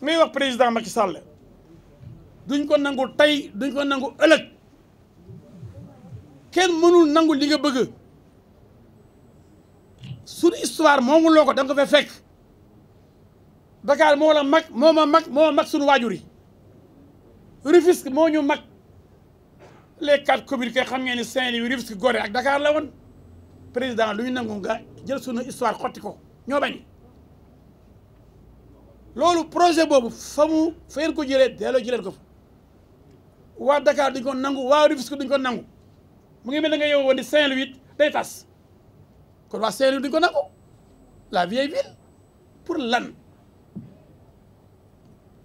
mais wax président Macky Sall duñ ko nangu tey duñ ko nangu ëllëg kenn mënul nangu li nga bëgg suñu histoire moomuloo ko da nga ko fekk dakaar moo la mag moo ma mag moo ma mag suñu waajur yi Rufisque moo ñu mag les quatre communes kay xam ngeen ni Saint-Louis Rufisque ak dakaar la woon président lu ñu nangu nga jël suñu histoire xotti ko ñoo bañ loolu projet boobu fa mu fa ngeen ko jëlee delloo jëleen ko fo waa dakaar duñ ko nangu waa Rufisque duñ ko nangu mu ngi mel ne nga yow woon di Saint-Louis day tas kon waa Saint-Louis duñ ko nangu la vieille ville pour lan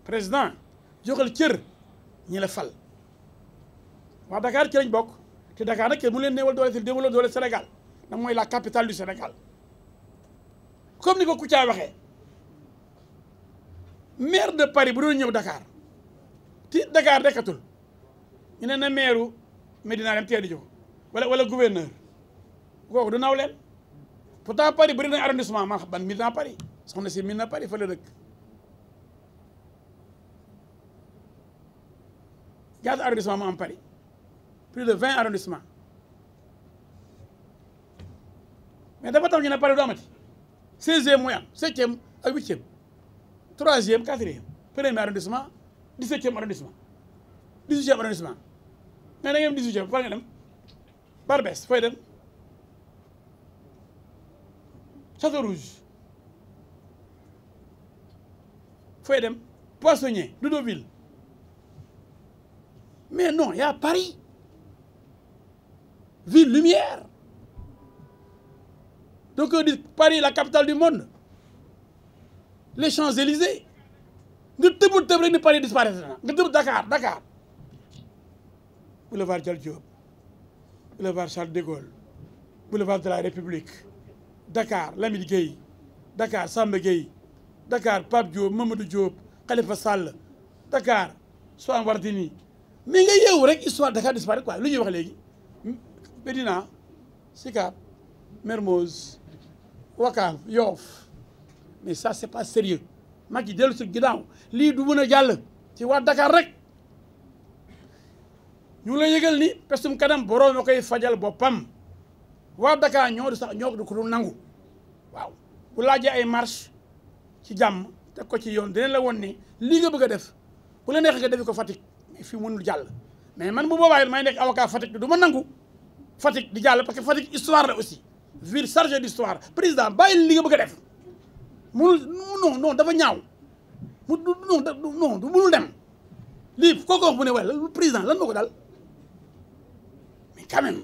président joxal cër ñi la fal waa Dakar ci lañ bokk te Dakar nag kenn mu leen néewal doole te déwaloo doole Sénégal nag mooy la capitale du Sénégal comme ni ko Kouthia waxee maire de Paris bu doon ñëw Dakar ti Dakar dekkatul ñu ne na maire Medina dem teel di jóg wala wala gouverneur kooku du naw leen pourtant Paris bëri na arrondissement ma ban Medina Paris soxna si Medina Paris fa la dëkk ñaata arrondissement mu am Paris plus de vingt arrondissement mais dafa tax ñu na Paris du amati seizième mooy am septième ak huitième troisième quatrième premier arrondissement dix-septième arrondissement dix-huitième arrondissement mais da dix-huitième fan nga dem Barbès fooy dem Château Rouge fooy dem Poissonnier Doudoville mais non y a Paris ville lumière donc on dit Paris la capitale du monde les Champs-Élysées nga tëbu tëb nga tëb Dakar Dakar boulevard Dial Diop boulevard Charles de Gaulle boulevard de la République Dakar Lamine Gueye Dakar Samba Gueye Dakar Pape Diop Mamadou Diop Khalifa Sall Dakar Soham Wardini mais nga yeewu rek histoire Dakar disparaître quoi lu ñuy wax léegi Médina Sicap Mermoz Ouakam Yoff mais ça c'est pas sérieux Macky dellu si ginnaaw lii du mun a jàll ci waa dakaar rek ñu ngi la yëgal ni pesum kanam borom a koy fajal boppam waa Dakar ñoo di sax ñoo di ko du nangu waaw bu laajee ay marche ci jàmm te ko ci yoon dinañ la woon ni lii nga bëgg a def bu la neex nga defi ko fatik mais fii mënul jàll mais man bu boobaa may nekk avocat Fatick du ma nangu Fatick di jàll parce que Fatick histoire la aussi ville chargée d'histoire président bàyyil li nga bëgg def mu non non dafa ñaaw mu du non non du munul dem lii kooku wax bu ne waaye lu président lan moo ko dal mais quand même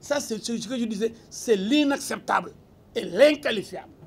ça c'est ce que je c'est l'inacceptable et l'inqualifiable